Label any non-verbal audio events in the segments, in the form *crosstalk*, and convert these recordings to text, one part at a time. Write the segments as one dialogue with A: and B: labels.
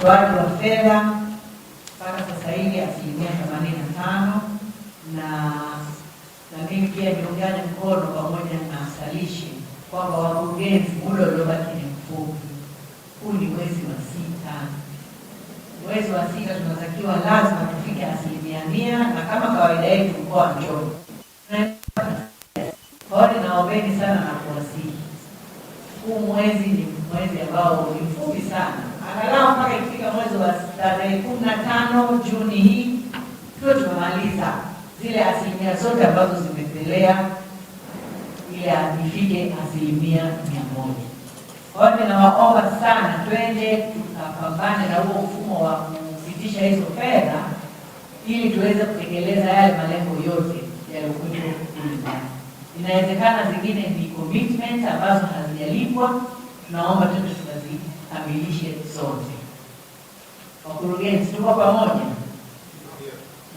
A: utoaji wa fedha mpaka sasa hivi asilimia themanini na tano na na mimi pia niungane mkono pamoja na salishi kwamba wakurugenzi, muda uliobaki ni mfupi. Huu ni mwezi wa sita, mwezi wa sita tunatakiwa lazima tufike asilimia mia, na kama kawaida yetu mkoa wa Njombe kwao, ninaombeni sana na kuwasihi, huu mwezi ni mwezi ambao ni mfupi sana angalau mpaka ikifika mwezi wa tarehe kumi na tano Juni hii tuwe tumemaliza zile asilimia zote ambazo zimetelea ili ifike asilimia mia moja. Kwa hiyo ninawaomba sana, twende tukapambane na huo mfumo wa kupitisha hizo fedha ili tuweze kutekeleza yale malengo yote yaliyokuja kulingana. Inawezekana zingine ni commitment ambazo hazijalipwa, tunaomba tu tukamilishe sote. Wakurugenzi, tuko pamoja?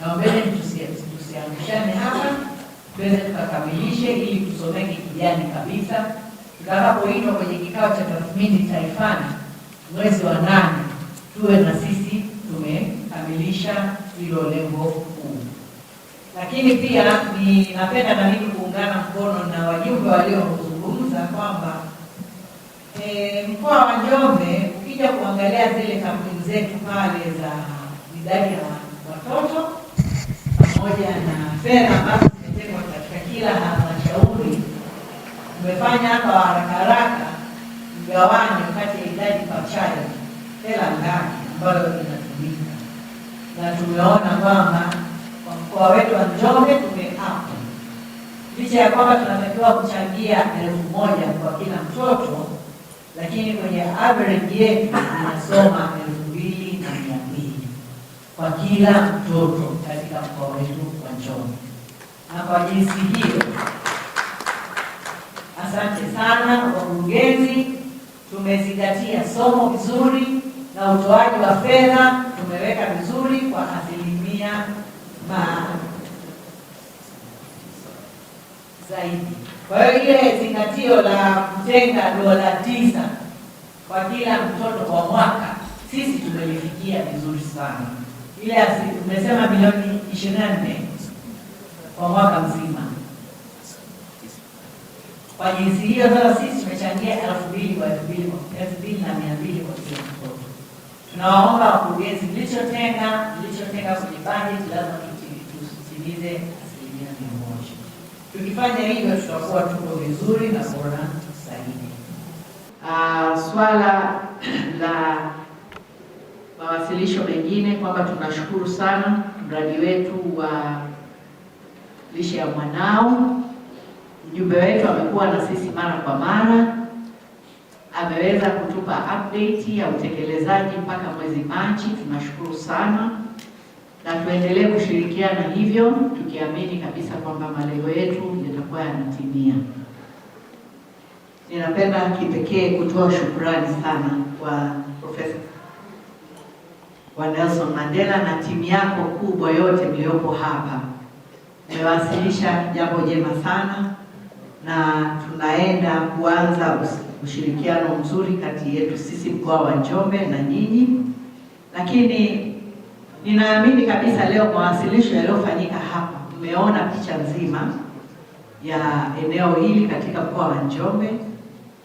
A: Naombeni tusiangushane hapa, tuweze tukakamilishe ili tusomeke kijani kabisa, tutakapoitwa kwenye kikao cha tathmini taifani mwezi wa nane, tuwe na sisi tumekamilisha hilo lengo kuu. Lakini pia ninapenda na mimi kuungana mkono na wajumbe waliozungumza kwamba e, mkoa wa Njombe ukija kuangalia zile kampeni zetu pale za idadi ya watoto pamoja na fedha ambazo zimetengwa katika kila halmashauri, umefanya hapa haraka haraka mgawanyo kati ya idadi kwa hela ngapi ambayo inatumika, na tumeona kwamba kwa mkoa wetu wa Njombe tume licha ya kwamba tunatakiwa kuchangia elfu moja kwa kila mtoto lakini kwenye average yetu anasoma elfu mbili na mia mbili kwa kila mtoto katika mkoa wetu wa Njombe. Na kwa jinsi hiyo, asante sana wakurugenzi, tumezingatia somo vizuri na utoaji wa fedha tumeweka vizuri kwa asilimia ma zaidi. Kwa hiyo ile zingatio la kutenga dola tisa kwa kila mtoto kwa mwaka sisi tumelifikia vizuri sana. Ile tumesema milioni ishirini na nne kwa mwaka mzima. Kwa jinsi hiyo sasa sisi tumechangia elfu mbili kwa elfu mbili na mia mbili kwa kila mtoto. Tunawaomba wakurugenzi, mlichotenga mlichotenga kwenye bajeti lazima tutimize. Tukifanya hivyo tutakuwa tuko vizuri na bora zaidi.
B: Uh, swala la mawasilisho mengine kwamba tunashukuru sana mradi wetu wa lishe ya mwanao. Mjumbe wetu amekuwa na sisi mara kwa mara, ameweza kutupa update ya utekelezaji mpaka mwezi Machi. Tunashukuru sana na tuendelee kushirikiana hivyo, tukiamini kabisa kwamba malengo yetu yatakuwa yanatimia. Ninapenda kipekee kutoa shukrani sana kwa Profesa kwa Nelson Mandela na timu yako kubwa yote mliopo hapa. Mmewasilisha jambo jema sana na tunaenda kuanza ushirikiano mzuri kati yetu sisi mkoa wa Njombe na nyinyi, lakini Ninaamini kabisa leo mawasilisho yaliyofanyika hapa, mmeona picha nzima ya eneo hili katika mkoa wa Njombe,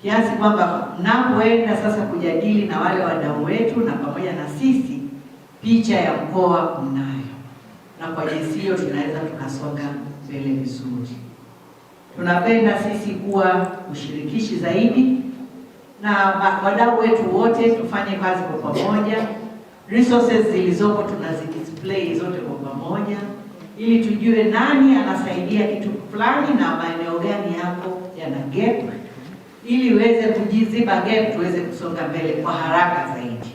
B: kiasi kwamba mnapoenda sasa kujadili na wale wadau wetu na pamoja na sisi, picha ya mkoa mnayo, na kwa jinsi hiyo tunaweza tukasonga mbele vizuri. Tunapenda sisi kuwa ushirikishi zaidi na wadau wetu wote, tufanye kazi kwa pamoja resources zilizopo tunazidisplay zote kwa pamoja, ili tujue nani anasaidia kitu fulani na maeneo gani yako yana gap, ili uweze kujiziba gap, tuweze kusonga mbele kwa haraka zaidi.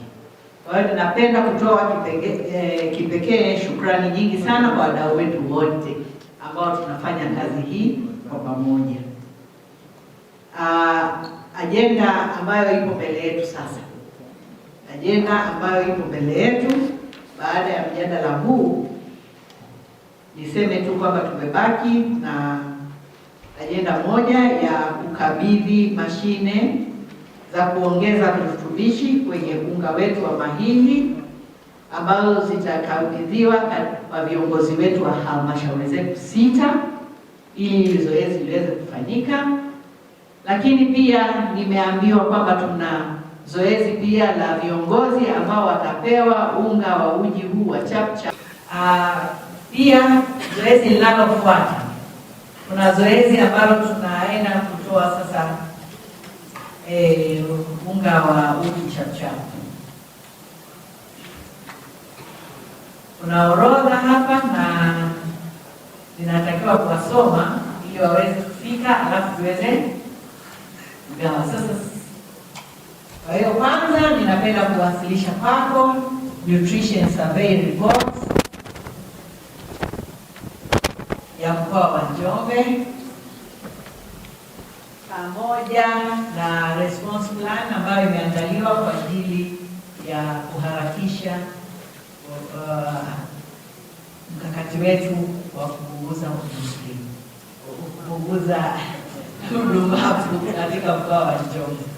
B: Kwa hiyo ninapenda kutoa eh, kipekee shukrani nyingi sana kwa wadau wetu wote ambao tunafanya kazi hii kwa pamoja. Uh, ah, ajenda ambayo ipo mbele yetu sasa ajenda ambayo ipo mbele yetu baada ya mjadala huu, niseme tu kwamba tumebaki na ajenda moja ya kukabidhi mashine za kuongeza virutubishi kwenye unga wetu wa mahindi ambazo zitakabidhiwa kwa viongozi wetu wa halmashauri zetu sita ili zoezi liweze kufanyika. Lakini pia nimeambiwa kwamba tuna zoezi pia la viongozi ambao watapewa unga wa uji huu wa chapchap. Uh, ah, pia zoezi linalofuata kuna zoezi ambalo tunaenda kutoa sasa e, unga wa uji chapchap. Kuna orodha hapa na ninatakiwa kuwasoma ili waweze kufika, alafu tuweze kugawa sasa kwa hiyo kwanza, ninapenda kuwasilisha kwako nutrition survey report ya mkoa wa Njombe pamoja na response plan ambayo imeandaliwa kwa ajili ya kuharakisha uh, mkakati wetu wa kupunguza upunguza udumavu *laughs* katika mkoa wa Njombe.